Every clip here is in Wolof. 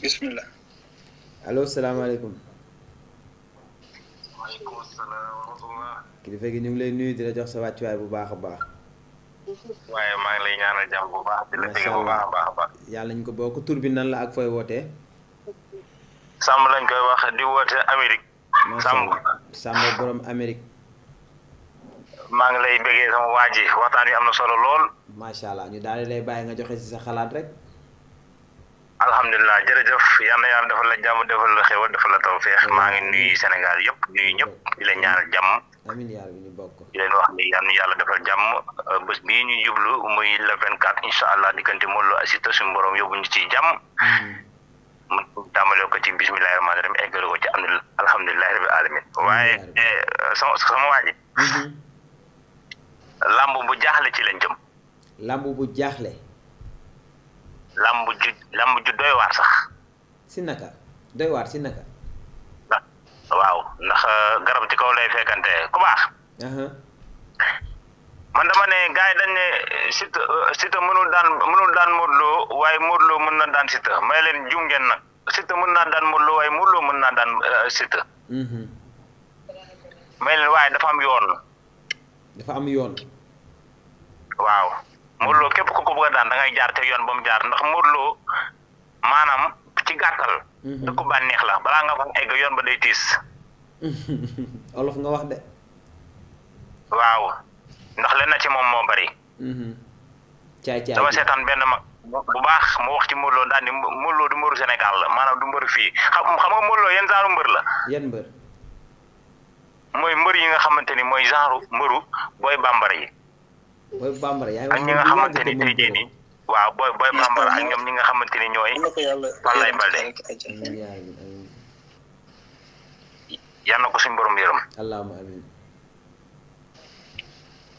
bismillah allo salaamaaleykum. waaleykum salaam wa ngi lay nuyu di la sa wàccuwaay bu baax a baax. waaye maa ngi lay ñaanal jàmm bu baax. di la dégg bu baax a baax a baax. yàlla ñu ko bokk tur bi la ak fooy wootee. Samb lañ koy wax di woote Amérique. Samb Samb borom Amérique. maa ngi lay bëggee sama waa ji waxtaan wi am na solo lool. macha allah ñu daal di lay bàyyi nga joxe ci sa xalaat rek. alhamdulilah jërëjëf yal na yàlla defal la jàmm defal la xéwal defal la tawféex maa ngi nuyu Sénégal yëpp nuyu ñëpp di leen ñaanal jàmm di leen wax ni yal yàlla defal jàmm euh, bés bii ñu jublu muy le vingt quatre incha allah diggante Modou Lo ak yóbbu ñu ci jàmm mu tàmbalee ci bismillahi rahmaani rahim eggale ko ci alhamdulilahi rabbil alamin waaye eh, sama sama waa ji mhm. bu jaaxle ci lañ jëm lamb bu jaaxle lamb ju làmb ju doy waar sax. si naka doy si naka. waaw ndax euh, garab ci kaw lay fekkante ku baax. man dama ne gars yi dañ ne euh, Siteu euh, Siteu mënul daan mënul daan Modou waaye Modou mën na daan Siteu may leen jum ngeen nag Siteu mën naa daan Modou Lo waaye Modou mën naa daan Siteu. Mhm. may leen waaye dafa am yoon. dafa am yoon. waaw. Modou Lo képp ku ko bëgg a daan da ngay jaar te yoon ba mu jaar ndax Modou Lo maanaam ci gàttal. Mhm. dëkku bànneex la balaa nga fa egg yoon ba day tiis. olof nga wax de. waaw ndax len na ci moom moo bari. Mhm. caay caay dama seetaan benn mag bu baax mu wax ci Modou Lo daal ni Modou Lo du mbëru Sénégal la maanaam du mbëru fii xam xam nga Modou Lo yan genre mbër la. yan mbër. mooy mbër yi nga xamante ni mooy genre mbëru booy bambara yi. booy bambara yaa ngi nga xamante ni tey jii nii waaw booy booy bambara ak ñoom ñi nga xamante ni ñooy Falaye Baldé yal na ko suñu borom yërëm. allahumma amiin.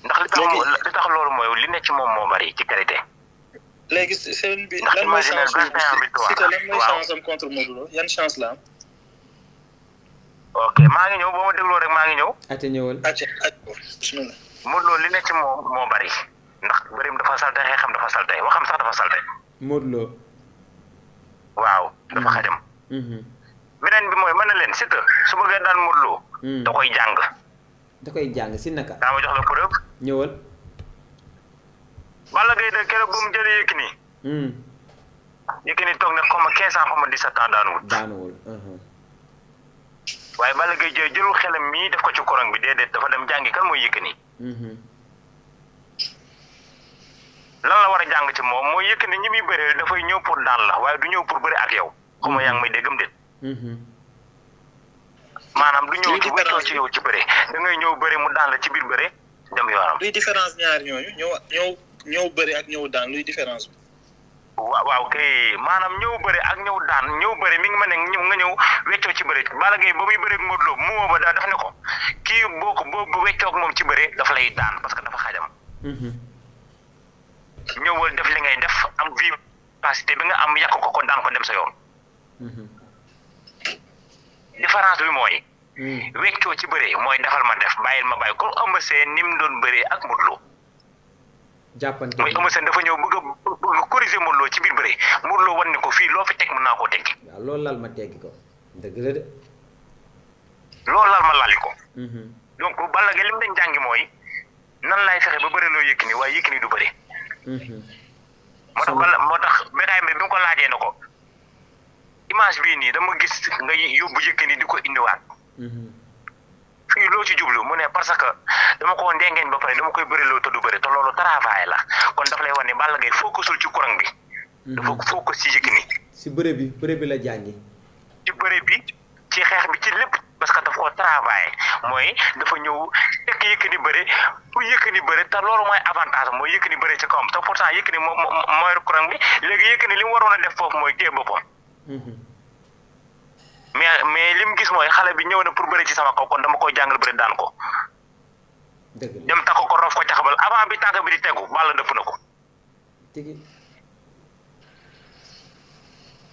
ndax li tax li tax loolu mooy li ne ci moom moo bari ci qualité. léegi sëñ bi lan mooy chance lan mooy chance la ok maa ngi ñëw boo ma rek maa ngi ñëw. ate ñëwal Modou Lo li ne ci moom moo bari ndax bërim dafa salte xeexam dafa salte xam sax dafa salte Modou Lo waaw dafa mhm. xajam mhm. beneen bi mooy mën na leen Siteu su bëggee daan Modou Lo mhm. da koy jàng da koy jàng si naka daa ma jox la preuve ñëwal Balla Gaye de keroog bu mu jëlee Yékini Yékini ma quinze ans xaw waaye Balla Gaye jël jëlul xelam mii def ko ci korong bi déedéet dafa dem jàngi kan mooy Yékini Mm-hmm. lan la war a jàng ci moom mooy yëkk Yékini ñi muy bëree dafay ñëw pour daan la waaye du ñëw pour bëri ak yow xuma mm-hmm. yaa ngi may déggam déet mm-hmm. maanaam du ñëw ci wéccoo ci yow ci bëri dangay ñëw bëri mu daan la ci biir bëri dem yoonam luy différence ñaar ñooñu ñëw ñëw ñëw bëri ak ñëw daan luy différence bi waaw kay maanaam ñëw bëri ak ñëw daan ñëw bëri mi ngi ma ne nga ñëw weccoo ci bëri Balla Gaye ba muy bëri ak Modou Lo mu woo ba daa daf ne ko kii boo ko boo weccoo ak moom a bëri daf lay daan dafa mm-hmm. def li ngay def am vivacité bi nga am yàq ko ko daan dem sa yoon. Mm-hmm. bi mooy. Mm. weccoo ci bëri mooy defal ma def bàyyil ma bàyyi ni mu doon bëree ak Modou ñëw bëgg Modou Lo corrigé loo ci biir bëre Modou Lo wan ne ko fii loo fi teg mën naa koo tekki. waaw loolu laal ma teggi ko dëgg de. loolu laal ma laali ko. Mhm. donc Balla Gaye li mu dañ jàngi mooy nan laay fexe ba bëre loo Yékini waaye Yékini du bëre. Mhm. moo tax Balla moo tax bétail bi bi na ko image nii dama gis nga yóbbu Yékini di ko indiwaat. Mhm. fii loo ci jublu mu ne parce que dama ko ndengeen ba pare dama koy bëri loo tëdd bëri te loolu travail la kon daf lay wan ne Balla Gaye focusul ci courant bi. Mm-hmm. dafa focus ci Yékini. si bëre bi bëre bi la jàngi. ci bëre bi ci xeex bi ci lépp parce que daf ko travail mooy dafa ñëw fekk Yékini bëre bu Yékini bëre te loolu mooy avantage mooy ni bëri ci kawam te pourtant Yékini moo moo mooy courant bi léegi Yékini li mu waroon a def foofu mooy téye boppam. Mm-hmm. mais mais li mu gis mooy xale bi ñëw na pour bari ci sama kaw kon dama koy jàngal bari daan ko. dem takk ko rof ko caxabal avant bi tànk bi di tegu Balla dëpp na ko.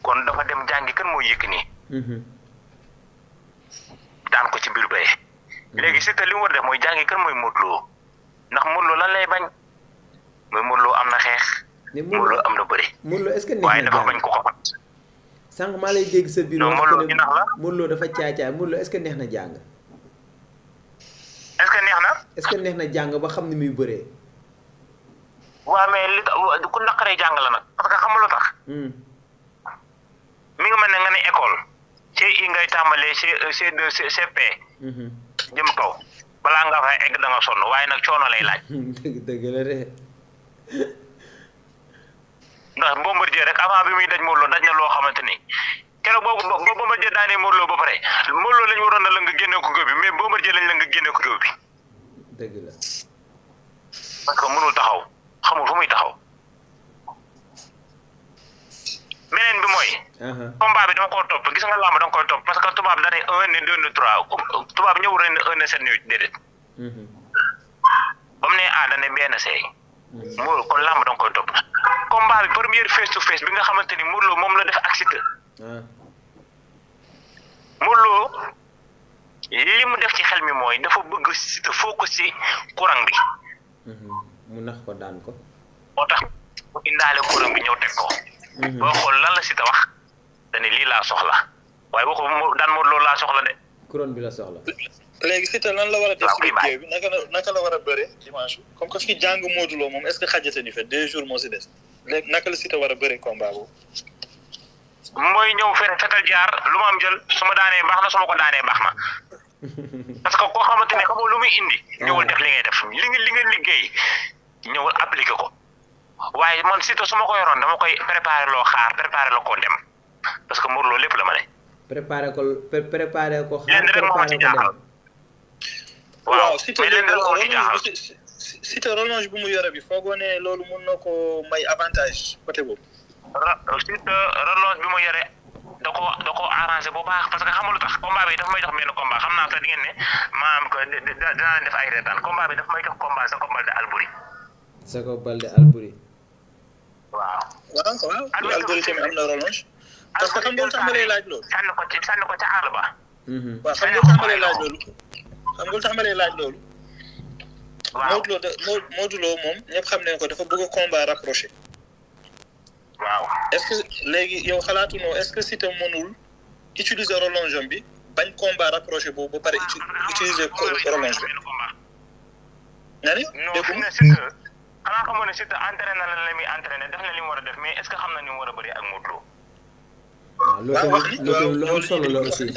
kon dafa dem jàngi kan mooy yëg nii. Mhm. daan ko ci biir bay. Mhm. léegi Siteu li mu war def mooy jàngi kan mooy Modou ndax Modou Lo lan lay bañ mooy Modou am na xeex. Modou am na bari Modou Lo waaye dafa bañ ko ko fat sànq maa lay dégg sa bureau. non Modou Lo ñu nax la Modou Lo dafa caacaay Modou Lo est-ce neex na jàng. est-ce que neex na. est jàng ba xam ni muy bëree. waaw mais li tax ku naqaree jàng la nag parce que xam nga lu tax. Hmm. mi ngi mel ne nga ne école. ci ngay tàmbalee C C2 hmm. jëm kaw balaa nga fay egg da sonn waaye nag coono lay laaj. dëgg dëgg la de. ndax Bombardier rek avant bi muy daj Modou Lo daj na loo xamante ni keroog boo ba Bombardier daanee Modou ba pare Modou Lo lañ waroon a la nga génnee ko géew bi mais Bombardier lañ la nga génnee ko géew bi. parce que mënul taxaw xamul fu muy taxaw. beneen bi mooy. Uh-huh. combat bi dama koo topp gis nga làmb danga koy topp parce que tubaab daanee un ne deux ne trois tubaab ñëwul ren ne un ne sept ne mm-hmm. ne A da ne benn seey. moo kon làmb da nga koy topp combat bi première face to face bi nga xamante ni Modou Lo moom la def ak Siteu Modou Lo li mu def ci xel mi mooy dafa bëgg Siteu foo ko si courant bi mhm. mu nax ko daan ko moo tax mu indaale courant bi ñëw teg ko mhm. boo xool lan la Siteu wax dane lii laa soxla waaye waxu daan Modou Lo laa soxla de couronne bi la soxla léegi Siteu lan la war a def ci liggéey naka la war a bëri dimanche comme que fii jàng Modou Lo moom est-ce que xajate ni moo si des léegi naka la Siteu war a bëree combat boobu. mooy ñëw fekk fekkal jaar lu ma am jël su ma daanee baax na su ma ko daanee baax na parce que koo xamante ne xamoo lu muy indi. Ah. ñëwul def li ngay def li nga li nga liggéey ñëwal appliqué ko waaye man Siteu suma ko yoroon dama koy préparé loo xaar préparé la koo dem parce que Modou Lo lépp la ma ne. préparé ko préparé waaw mais léegi nag moo mu yore bi foogoo loolu mun na ko may avantage côté boobu. Siteu relance bi mu yore da ko da ko arrangé baax parce que xam nga lu tax combat bi dafa may jox benn combat xam naa sax di ngeen ne maam que dinaa leen def sa combat de Albouri. waaw. waaw Albouri tamit am na relance. parce que xam nga lu tax ma laaj loolu. sànni ko ci sànni ko ca àll ba. waaw xam nga lu tax ma lay laaj loolu. xam nga lu tax ma lay laaj loolu. waaw Modou Lo da Modou Lo moom ñëpp xam nañ ko dafa bëgg a combat rapproché. waaw est-ce que léegi yow xalaatu noo est-ce que Siteu mënul utiliser rallonge bi bañ combat rapproché boobu ba pare utiliser rallonge bi. nga ni dégg nga Siteu xanaa xamoon ne Siteu entraîné na la muy entraîné def na li mu war a def mais est-ce que xam na ni mu war a bëri ak Modou Lo. Ah, waaw loolu tamit loolu am solo la aussi.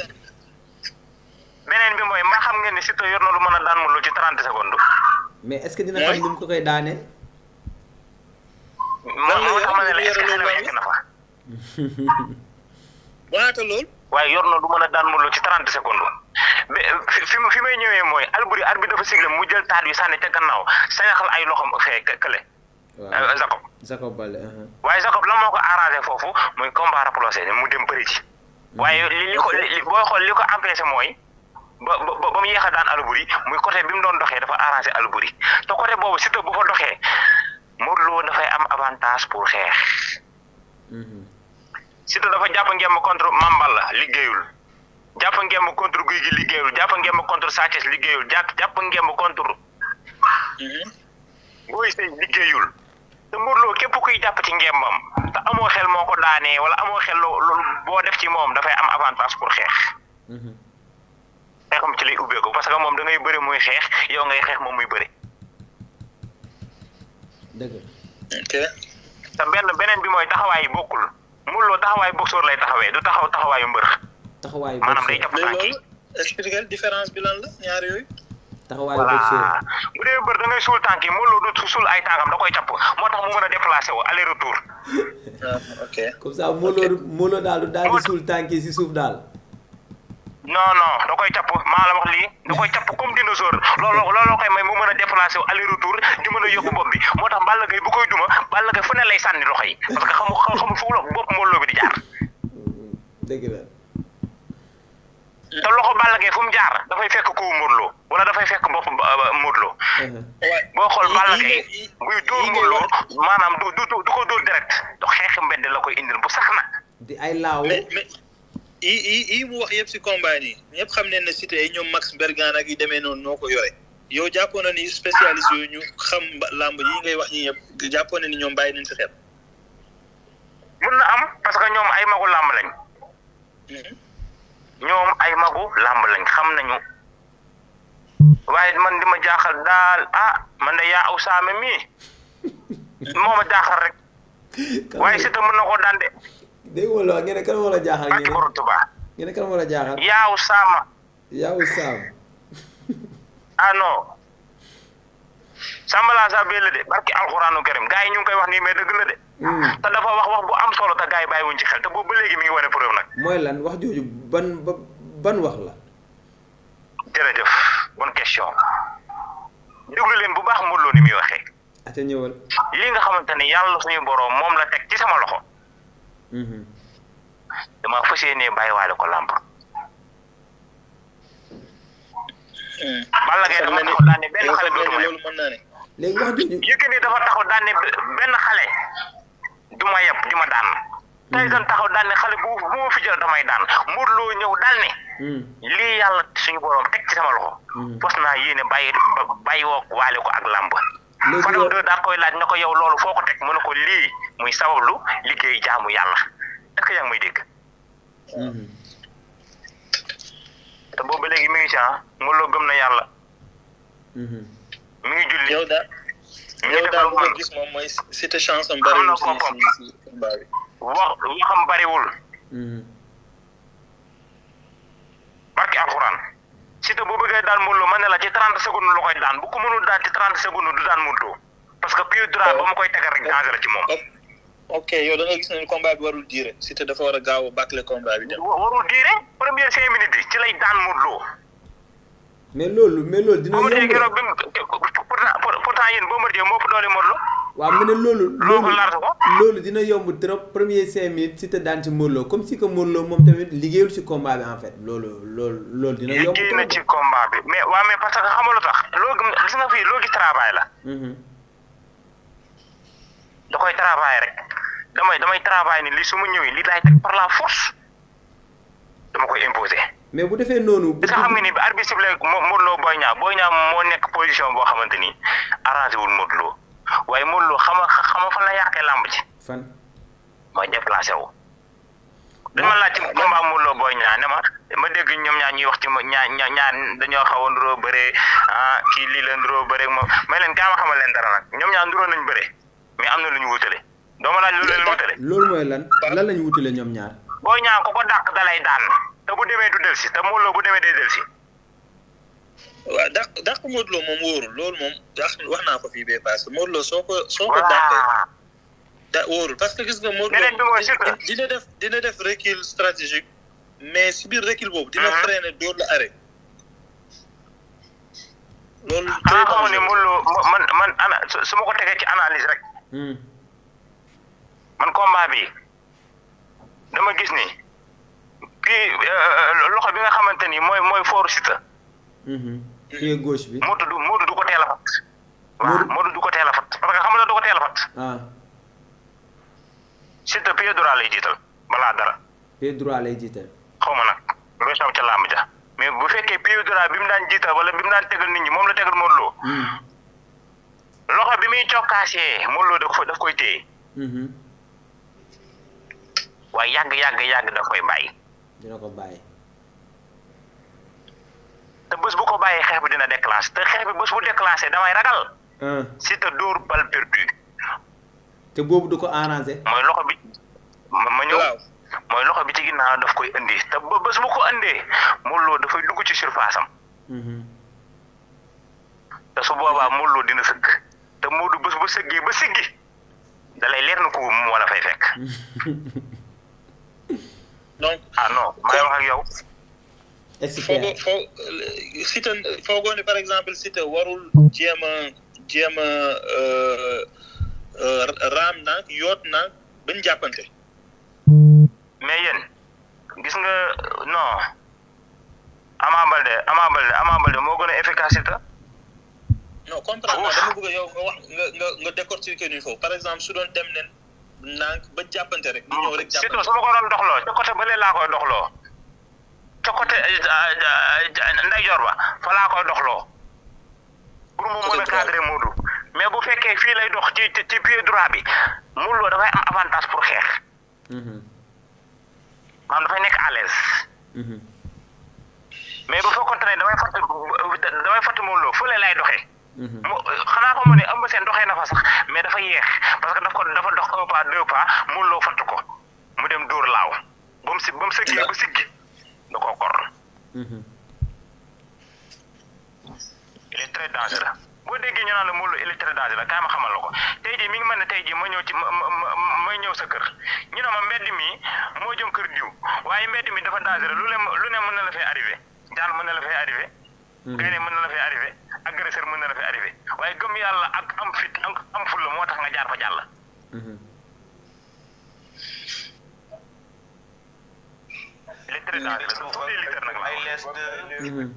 ne Siteu yor na lu mën a daan Modou Lo ci 30 secondes. mais est-ce dina xam mu ko koy daanee. moom moo tax ma ne la est na fa. waata lu mën a daan ci 30 secondes. mais may ñëwee mooy Alboury arbitre bi dafa sigle mu jël taat yu sànni ca ay loxoom fee kële. waaw euh, uh-huh. la moo ko arrangé foofu muy combat ci. Mm-hmm. waaye li ko li mooy. ba ba ba mu yéex a daan Albouri muy coté bi mu doon doxee dafa arrangé Albouri te côté boobu Siteu bu fa doxee Modou dafay am avantage pour xeex. Mhm. Siteu dafa jàpp ngeen ma contre Mambal la liggéeyul jàpp ngeen ma contre Guy gi liggéeyul jàpp ngeen ma contre Sathiès liggéeyul jàpp jàpp ngeen ma contre. Mhm. Boy Sèye liggéeyul. te Modou képp kuy jàpp ci ngembam te amoo xel moo ko daanee wala amoo xel loolu boo def ci moom dafay am avantage pour xeex. Mhm. day xam ci lay ubbeeku parce que moom da ngay bëri muy xeex yow ngay xeex moom muy bëri. dëgg te benn beneen bi mooy taxawaay bokkul Modou Lo taxawaay boxeur lay taxawee du taxaw taxawaayu mbër. taxawaayu boxeur maanaam day jàpp tànk yi expliquer bi lan la ñaar da ngay suul tànk yi Modou Lo du suul ay tànkam da koy jàpp moo tax mu mën a déplacé wu aller retour. Ah, ok comme ça Modou Lo Modou Lo daal du daal di suul tànk si suuf daal. non non da koy capp maa la wax lii da koy capp comme dinosaure looloo looloo koy may mu mën a déplacé wu aller retour di mën a yokk bopp bi moo tax Balla Gaye bu koy duma Balla Gaye fu ne lay sànni loxo yi parce que xamu xamu fu la bopp mbooloo bi di jaar. dëgg la. te loxo Balla Gaye fu mu jaar dafay fekk kowu Modou Lo wala dafay fekk bopp Modou Lo. boo xool Balla Gaye buy dóor Modou Lo maanaam du du du ko dóor direct xeexi mbedd la koy indil bu sax na. di ay laaw. i i i mu wax yëpp si combat nii ñëpp xam ne ne Cité ñoom Max Bergan ak yi demee noonu noo ko yooy yow jàppoon na ni spécialiste yooyu ñu wax yëpp jàppoon na ni ñoom bàyyi nañ si xel. mun na am parce que ñoom ay magu làmb lañ. Mhm. ay magu làmb lañ xam nañu. waaye man di ma jaaxal daal ah man de yaa aw saame mii moo ma jaaxal rek waaye Cité mën na koo daan de dégguma la ngeen ne kan ngeen ngeen ne la jaaxal yaaw saama yaaw saam ah non sambala sa bee la de barki alxuraanu karim gars yi ñu ngi koy wax nii mais dëgg la de hmm. te dafa wax wax bu am solo te gars yi bàyyiwuñ ci xel te boobu ba léegi mi ngi wane preuve nag mooy lan wax jooju ban ban wax la jërëjëf bonne question déglu leen bu baax Modou Lo ni muy waxee. ate ñëwal lii nga xamante ne yàlla suñu boroom moom la teg ci sama loxo Mm-hmm. dama fas yéenee bàyyiwaale ko làmb. Balla Gaye dafa taxaw daan ne benn xale dootu ma yeb. léegi dafa taxaw daan ne benn xale du ma yeb du ma daan. Mm-hmm. taxaw daan ne xale bu moo fi damay daan Modou loo ñëw daal ne. Mm-hmm. lii yàlla suñu borom teg ci sama loxo. fas naa yéene bàyyi bàyyi woo waale ko ak làmb. léegi yow daa koy laaj na ko yow loolu foo ko teg mu ne ko lii. muy sabablu liggéey jaamu yàlla est-ce que yaa ngi may dégg. Mm-hmm. te boobu ba léegi mi ngi ci ah Mawlo gëm na yàlla. Mm-hmm. mi ngi julli yow daal yow daal bu ko gis moom mooy cité chance am bariwul si si si combat bi. wax waxam bariwul. Mm-hmm. barki alxuraan cité bu bëggee daan Mawlo ma ne la ci trente secondes la koy daan bu ko mënul daan ci trente secondes du daan Mawlo parce que pure droit ba ma koy tegal rek danger la ci moom. ok yow da nga gis ne combat bi warul diire Siteu dafa war a gaaw a bâcler combat bi. warul diire première cinq minutes bi ci lay daan Modou me loolu mais loolu dina. yomb pourtant yéen Bombardier moo ëpp doole Modou Lo. waaw mu ne loolu. loolu trop premier cinq minutes Siteu daan ci Modou comme si que Modou moom tamit liggéeyul ci combat bi en fait loolu loolu loolu dina. yomb trop liggéey na ci combat bi mais waaw mais parce que xamaloo tax loo gis nga fii loo gis travail la. Mm-hmm. da koy travailler rek damay damay travailler ni li su ma ñëwee lii laay teg par la force dama koy imposer. mais bu defee noonu. parce que xam nga ni arbitre sifflé Modou Lo Boy Niang Boy Niang moo nekk position boo xamante ni arrangé wul Modou waaye Modou Lo xama xama fan la yàqee làmb ci. fan mooy wu. dama laaj ci combat Modou Lo Boy Niang ne ma ma dégg ñoom ñaar ñuy wax ci ma ñaar ñaar dañoo xaw a nduróo bëree ah kii lii la nduróo bëree moo may leen gaa ma xamal leen dara nag ñoom ñaar nduróo nañ bëree. mais am na lu ñu wutale. doo ma loolu la ñu wutale. loolu mooy lan la ñu wutale ñoom ñaar. booy ñaan ko ko dàq dalay daan te bu demee du delsi te Modou loo bu demee day delsi. waaw dàq dàq Modou Lo moom loolu moom wax wax naa ko fii bee paase Modou Lo soo ko soo ko da wóorul parce que gis nga Modou Lo dina def dina def recul stratégique mais si biir recul boobu. dina mm-hmm. freiner dóor la arrêt. loolu xanaa ah, xamoon ne Modou man man ana su ma ko tegee ci analise rek. Hmm. man combat bi dama gis ni kii euh, loxo bi nga xamante ni mooy mooy fort Siteu. pied hmm. gauche bi. Modou du Modou du ko teel a fat. waaw Modou du ko teel a fat parce que xam nga du ko teel a fat. Ah. Siteu pied droit lay jiital balaa dara. pied droit lay jiital. xaw ma nag nga soob ca làmb mais bu fekkee pied droit bi mu daan jiital wala bi mu daan tegal nit ñi moom la tegal Modou Lo. Hmm. loxo bi muy cokkaasee Modou Lo daf koy téye. Mhm. waaye yàgg yàgg daf koy bàyyi. te bés bu ko bàyyee xeex dina déclenché te bi bés bu déclenché damay ragal. si te dóor bal loxo bi ma ñëw. loxo bi ci ginnaaw daf koy indi te ba bés ko indee Modou dafay dugg ci surface am. Mhm. te su boobaa Modou dina sëkk. te Modou du bu sëggee ba siggi da leer na ko mu wala fay fekk. donc ah non may wax ak yow. expliqué foo euh, site foogoo ne par exemple site warul jéem a jéem a euh, euh, raam naag yoot naag bañ jàppante. mais yéen gis nga non Ama Baldé Ama Baldé Ama Baldé moo gën a non comprendre naa par exemple su doon dem nen naan ba jàppante rek. ñu ñëw rek jàppante surtout su ma ko doon doxloo ca côté bële koy doxloo ca côté ndeyjoor ba fa koy doxloo. pour mu mën a cadré mais bu fekkee fii lay dox ci ci pied bi Modou Lo dafay am avantage pour xeex. Mhm. maanaam dafay nekk à mhm. mais bu fekkoon ne damay fàttali damay fàttali Modou Lo Mhm. xanaa ko ma ne am seen doxee na fa sax mais dafa yeex parce que dafa dox un pas deux pas loo fatt ko mu dem door laaw ba mu si ba mu sëggee ba siggi da koo kor. Mhm. il est très dangereux boo déggee ñu la Modou Lo il est très ma xamal la ko tey jii mi ngi mel ne tey jii ma ñëw ci ma ma ñëw sa kër ñu ne ma mbedd mi moo jëm kër diw waaye mbedd mi dafa dangereux lu ne lu ne mën na la fay arrivé jaan mën na la fay arrivé. Mhm. gaynde mën na agresseur mën na la fi arrivé waaye gëm yàlla ak am fit am fulla moo tax nga jaar fa jàll. Mhm. la mhm. Mhm.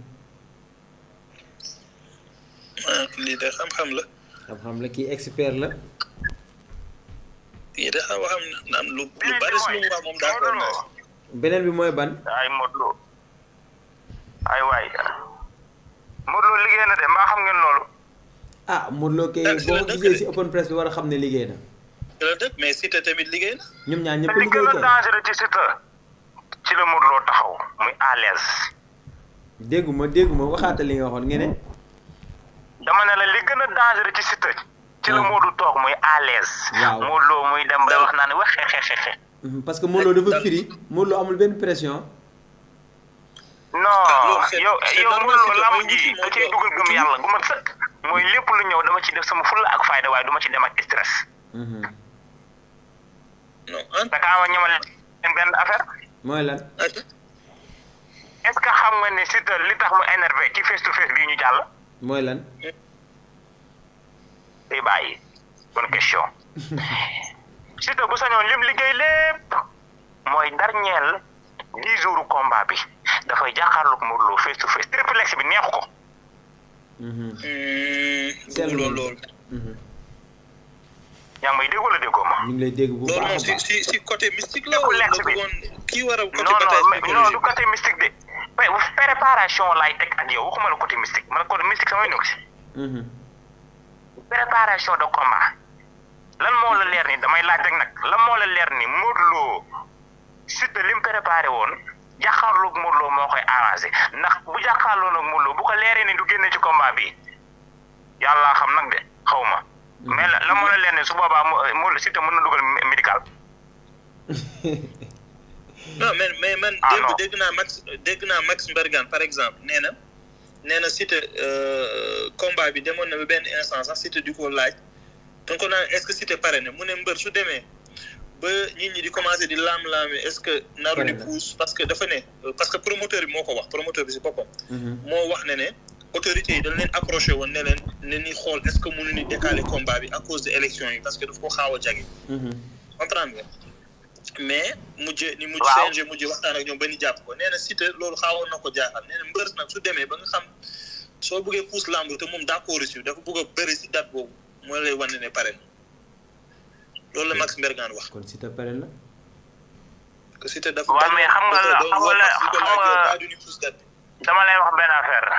lii de xam-xam la. xam-xam la kii expert la. lii de xam-xam na am lu lu bari si beneen bi mooy ban. ay Modou Lo ay waay. Modou Lo liggéey na de mbaa xam ngeen loolu. ah Modou Lo kay eh, boo ko gisee si open press bi war a xam ne liggéey na. mais Siteu tamit liggéey na. ñoom ñaar ñëpp liggéey kay li gën a dangereux ci Siteu ci la Modou taxaw muy à l'aise. dégguma dégguma waxaata dama ne la li gën a toog muy à l'aise. waaw Modou Lo muy dem ba wax naa ne wax xeexeexeexe. Mhm, parce que Modou Lo dafa firi Modou amul benn pression. Ah, non yow yow mënul lamb ji da dugal gëm yàlla gu ma sëkk mooy lépp lu ñëw dama ci def sama fulla ak fayda waaye du ci dem ak stress. Mhm. non ma ñemale benn affaire. mooy lan. Ah, est-ce que xam nga ne Siteu li tax mu énervé ci face to face bii ñu jàll. mooy lan. day bàyyi bonne question. Siteu bu sañoon lim liggéey lépp mooy ndarñeel dix jours combat bi. dafay jàkkaarloog Modou Lo face to face triple X bi neex ko. Mm-hmm. Mm-hmm. seetlu loolu loolu. yaa ngi may la wala déggoo ma. ñu ngi dégg bu la. wala kii war a côté côté mystique de. préparation laay teg ak yow waxuma la côté mystique man côté mystique samay ñëw si. Mm-hmm. préparation de combat lan moo la leer ni damay laaj rek nag lan moo la leer ni Modou Lo Siteu li préparé woon. jàkkaarloog Modou Lo moo koy arrangé ndax bu jàkkaarloo nag Modou Lo bu ko leeree ni du génne ci combat bi yàlla xam nag de xaw ma mm-hmm. mais la moo la leen su boobaa mu Siteu mën na dugal médical. non mais mais man. Ah, démb dégg naa Max dégg naa Max Mbergane par exemple nee na nee na Siteu euh, combat bi demoon na ba benn instant sax Siteu di ko laaj. donc naan est-ce que Siteu pare na mu ne mbër su demee. ba nit di commencé di laam-laame est-ce que naru di parce que dafa ne euh, parce que promoteur moo ko wax promoteur bi si boppam mhm. wax ne ne autorité yi dañ leen woon ne leen ne xool est-ce que mënu ni décaler combat que daf ko a jage mhm. comprendre nga mais mujj ni mujj CNG mujj waxtaan ak ñoom ba ñu jàpp ko nee na Siteu loolu xaawoon na ko jaaxal nee na nag su demee ba nga xam soo bëggee pousse lamb te moom d'accord si dafa bëgg a bëri si date boobu moo lay wane ne pare loolu la Max Mbergane wax. kon Cité pare na. que Cité xam nga la xam nga dama lay wax benn affaire.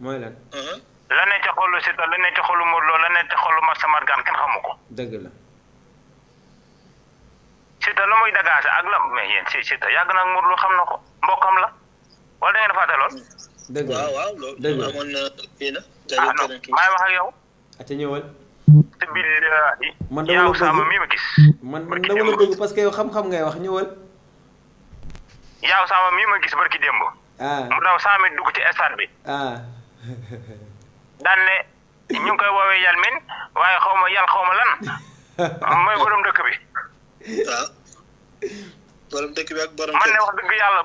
mooy lan. Uh-huh. la ne xolu Cité la ne ci xolu Modou Lo la ne ci xolu Max Mbergane kenn xamu ko. dëgg la. Cité lu muy dagaase ak la mais yéen si yàgg na ak Modou xam na ko mbokkam la wala da ngeen lool. dëgg la waaw waaw loolu ah, wax ak yow. ate ñëwal. billahi euh, man mi ma gis. man man dama la yaaw sama mii ma gis barki démb. Ah. mu daw saa mi dugg ci stade bi. Ah. ngi koy woowee yal min xaw ma yal xaw ma lan dëkk bi. Ah. dëkk bi ak borom. man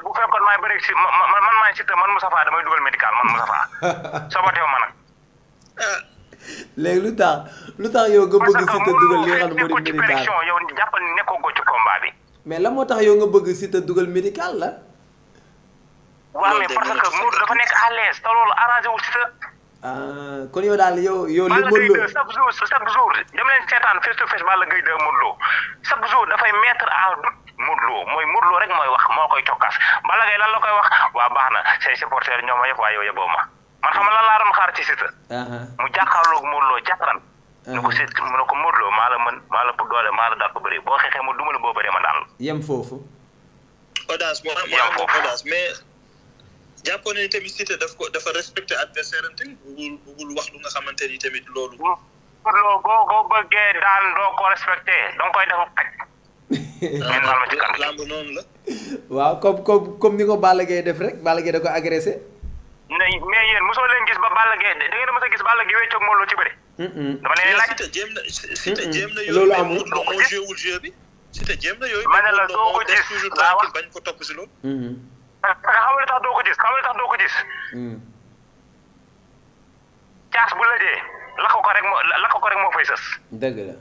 bu fekkoon maay man man maay si man damay dugal médical man Moustapha sobateewu ma nag. léegi lu tax lu tax yow nga bëgg Siteu dugal li nga xam ne moo di yow jàppal nekkoo ci combat bi. mais la moo tax yow nga bëgg Siteu dugal médical la. waaw mais parce que Modou dafa nekk à l'aise te loolu arrangé wu Siteu. ah kon yow daal yow yow. li Modou Lo chaque jour chaque jour dem leen seetaan face to face Balla Gaye 2 Modou Lo chaque dafay mettre en doute Modou mooy Modou Lo rek mooy wax moo koy cokkaas Balla Gaye lan la koy wax waa baax na say supporters ñoom a yëpp waa yow yëboo ma. xam lan laa doon xaar ci Siteu. Uh-huh. mu jàkkaarloog Modou Lo jàkkaran. Uh-huh. ne ko Siteu mu ne ko Modou Lo maa la mën maa la doole maa la dàq ko bëri boo xeexee ma duma la boo bëree ma daan la. yem foofu. audace moo am audace mais jàppoon ne tamit Siteu daf ko dafa respecté adversaire am tamit bugul bugul wax lu nga xamante ni tamit loolu. Modou Lo boo boo bëggee daan doo ko respecté danga koy def ak. ngeen baal ma ci kàddu gi lamb noonu la. waaw comme comme comme ni ko Balla Gaye def rek Balla Gaye da ko agressé. mais mais yéen mosoo leen gis ba Balla Gaye da ngeen a mos a gis Balla Gaye wéccoog Modou Lo ci bëri. dama ma ne la doo ko gis waaw bañ ko topp si nga tax doo ko gis xam nga tax doo ko gis. Mm. caas bu la dee lakk ko rek moo lakk ko rek moo fay sës. dëgg la.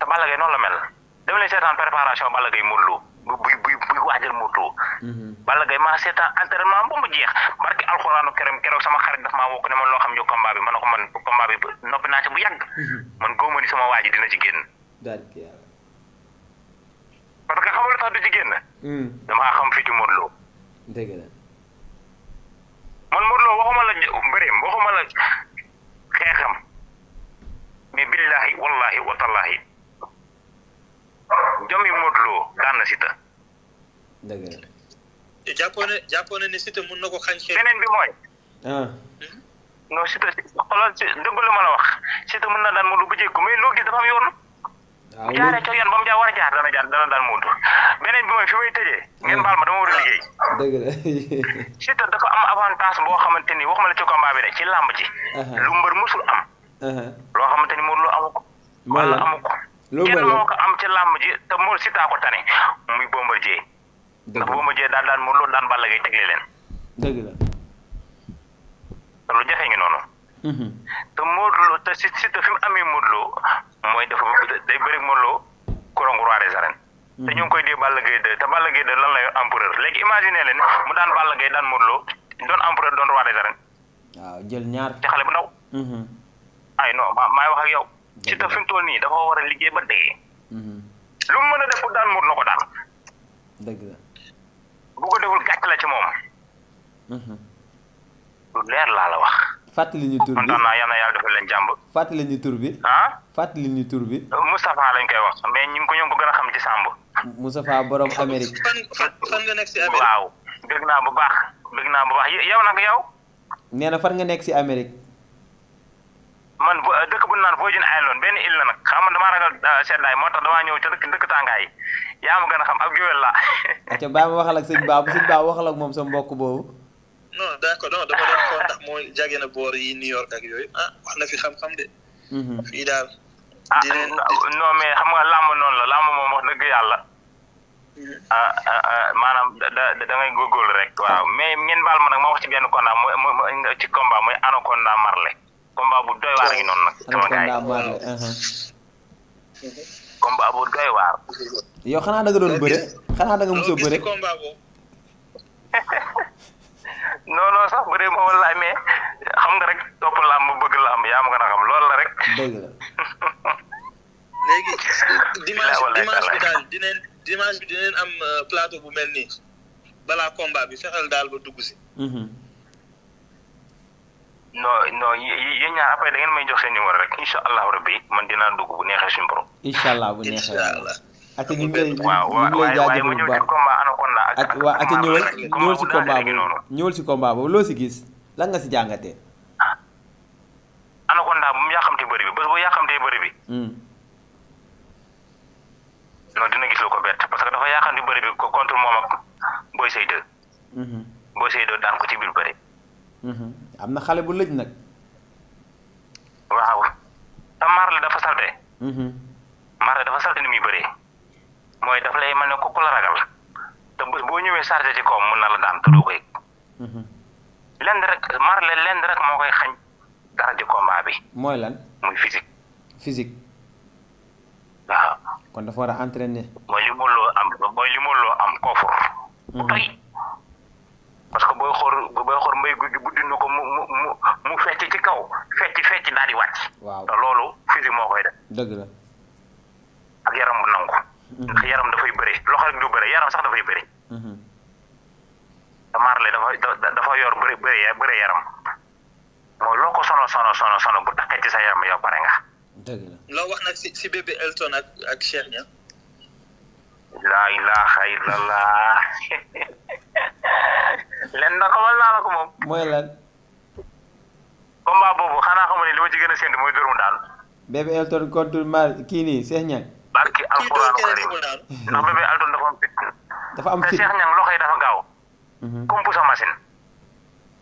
te Balla Gaye noonu la mel. dem leen seetaan préparation Balla Gaye Modou buy buy buy waajal moto. Mhm. Balla Gaye maa seetaan entraînement ba mu jeex barki alxuraanu kerem keroog sama xarit daf maa wokk ne ma loo xam ñu combat bi ma ne man combat bi noppi naa ci bu yàgg. Mhm. man góob ma ni sama waa dina ci génn. parce que xamul tax du ci génn. Mhm. damaa xam fi ci Modou man Modou waxuma la mbëreem waxuma xeexam mais billahi wallahi watalahi. jom yi Modou Lo daan na Siteu. dëgg la. jàppoon ne jàppoon ne ne Siteu mun na ko xañ. beneen bi mooy. Ah. Hmm? non Siteu xoolal si dëgg la ma a wax Siteu mun na daan Modou bu jékku mais loo gis dafa am yoon. waaw ah, bu jaaree ca mu a jaar dana jaar bi mooy fi may tëjee. Ah. dama war a liggéey. dëgg la. Siteu dafa am avantage boo xamante ni waxuma la ci combat bi de ci làmb ji. lu mbër mësul am. loo xamante ni Modou Lo amu ko. wala loolu mooy moo ko am ci làmb ji te moo Siteu ko tane muy Bombardier. dëgg la ndax Bombardier daan daan Modou Lô daan Balla Gaye tegle leen. dëgg la. te lu jafe ngi noonu. Mhm. te Modou Lô te fi mu amee Modou mooy def day bëri Modou Lô couronne roi des mhm. te ñu ngi koy dee Balla Gaye 2 te Balla Gaye 2 lan la yor empereur léegi imaginer leen mu daan Balla gay daan Modou Lô doon empereur doon roi des arènes. waaw jël ñaar te xale bu ndaw. Mhm. ay non maa maay wax ak yow. ci te fi mu toll nii dafa war a liggéey ba dee. Mhm. lu mu mën a def pour daan mur na ko daan. dëgg la. bu ko deful gàcc la ci moom. Mhm. lu leer laa la wax. fàttali li tur bi kontaan naa yàlla defal leen jàmb. fàttali ñu tur bi. ah fàttali ñu tur bi. Moustapha lañ koy wax mais ñu ngi ko ñoo ngi ko gën a xam ci sàmb Moustapha borom Amérique. fan fan nga nekk si Amérique. waaw dégg naa bu baax dégg naa bu baax yow nag yow. nee fan nga nekk si Amérique. man dëkk bu naan foo jën ay loon benn il la nag xam nga damaa ragal ah, seddaay moo tax damaa ñëw ca dëkk dëkk tàngaay yaa ma a xam ak géwél laa. yi New York ak yooyu ah wax na fi xam-xam de. Mhm. fii ah, ah, mais xam nga làmb noonu la làmb moom wax dëgg yàlla. Mhm. ah maanaam da da ngay góorgóorlu rek. waaw mais ngeen baal ma nag ma wax ci benn combat mooy ci combat mooy Anaconda combat bu doy waar gi noonu nag. sama uh-huh. bu doy waar. yow xanaa da doon bëre xanaa da nga bëre. non non sax bëre ma wala mais xam nga rek topp làmb bëgg làmb yaa ma gën a xam lool la rek. dëgg la. léegi dimanche dimanche bi daal dinañ dimanche bi dinañ am euh, plateau bu mel nii balaa combat bi fexeel daal ba dugg si. Mm-hmm. non non yéen ñaar après da ngeen may jox seen numéro rek incha allah rabbi man dinaa dugg bu neexee suñu borom. incha allah bu neexee ak ñu ngi lay ñu ngi lay jaajëfal bu baax ak waa ak ñëwal ñëwal si combat boobu ñëwal si combat boobu loo si gis lan nga si jàngatee. anaconda bu mu yàqamte bëri bi bés bu yàqamtee bëri bi. Hmm. non dina gis lu ko bett parce que dafa yàqamti bëri bi ko contre moom ak Boy Seye 2. Hmm. Boy Seye 2 daan ko ci biir bëri. Hmm. am na xale bu lëj nag. waaw. te marle dafa salte. Mhm. marle dafa salte ni muy bëree. mooy daf lay mel ne ku la ragal. te bés boo ñëwee chargé ci kawam mun na la daan te doo ko yëg. Mhm. lenn rek marle lenn rek moo koy xañ dara ci bi. mooy lan. muy physique. physique. waaw. kon dafa war a entraîner. mooy li am mooy li am koofur. bu mhm. parce que booy xool booy xool mbay guy buddi na ko mu mu mu fecc ci kaw fecc fecc daal di wàcc. loolu physique moo koy def. ak yaram nangu. Mhm. yaram dafay bëri loxo rek du bëri yaram sax dafay bëri. Mhm. te dafa yor bëri yaram loo ko sono sono sono sono bu takkee ci sa yaram yow pare nga. dëgg la loo wax nag si bébé Elton ak ak Cheikh Niang. laa ilaaha illallah. lenn na xamal naa ko moom. mooy lan. boobu xanaa xamal ni li ma ci gën a séntu mooy dóorum daal. Bébé Elton contre Mar kii nii Cheikh Niang. barki alxuraan karim yi dafa gaaw. comme bu sa machine.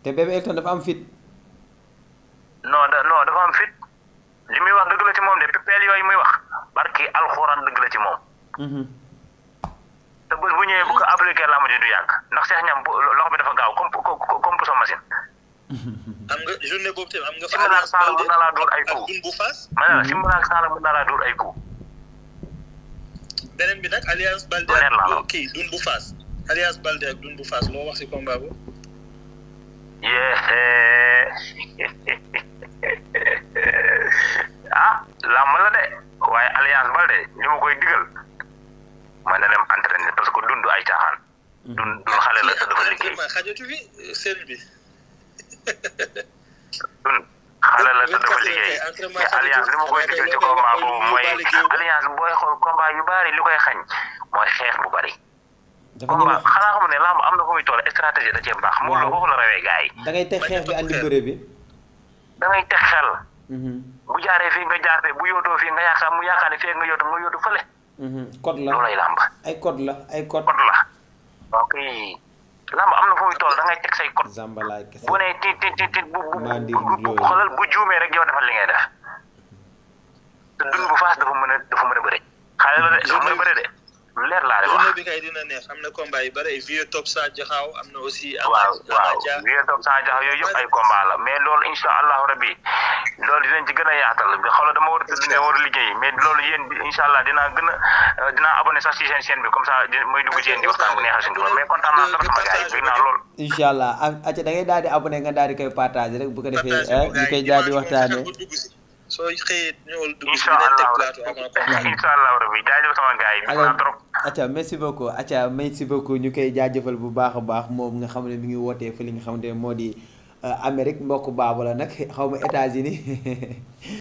te Bébé Elton dafa am fit. non dafa am fit li muy wax dëgg la ci moom de pépeel yooyu muy wax barki alxuraan dëgg la ci moom. Mhm. te bés bu ñëwee bu ko appliqué làmb ji du yàgg ndax Cheikh Niang loxo bi dafa gaaw comme comme pour sa machine. xam nga journée boobu tamit ay coup beneen bi nag alliance Balde kii dun bu faas alliance Balde dun bu faas moo wax si combat bu. Eh. ah làmb la de waaye alliance Balde li ma koy digal mooy na dem dund ay caaxaan. Mm-hmm. xale la te dafa liggéey. alliance li ma koy digal ci combat boobu mooy alliance booy xool combat yu bari li koy xañ mooy xeex bu bari. dafa ñëw combat xanaa xam ne lamb am na fu muy toll stratégie da cee baax. loolu foofu la rawee gars yi. da ngay teg xeex bi andi bëre bi. da ngay xel. Mm-hmm. bu jaaree fii nga jaar fee bu yootoo fii nga yaakaar mu yaakaar ne fee nga yootu nga yootu fële. Mhm. code la loolay làmb. ay code la ay code. code la waaw kay làmb am na fu muy toll da ngay teg say code. bu tiit tiit bu bu bu xoolal juumee rek yow defal li ngay def te dund bu faas dafa mën a dafa mën a bëre. xale de dafa mën a bëre de. lu leer laa leen wax bi kay na combat yu bëri ay vieux sa jaxaaw am na aussi. am na waaw sa jaxaaw yooyu yëpp ay combat la mais lool incha allahu rabi loolu dinañ ci a yaatal xaw ma dama war a dina war a liggéey mais loolu yéen incha allah gën a euh, dinaa abonné sax si seen chaîne bi comme ça mooy dugg ci yéen di waxtaan bu neexal si dugub mais kontaan naa trop sama gars yi bëgg naa lool. incha allah ak da ngay daal di nga daal di koy rek bu ko defee ah, ñu koy daal di soo xëyee ñëwal dugg si beneen teg plateau avant combat incha allah rabi jaajëf acca merci beaucoup acca merci beaucoup ñu koy jaajëfal bu baax a baax moom nga xam ne mi ngi wootee fa li nga xam ne moo di euh, Amérique mbokk baaba la nag xaw ma États-Unis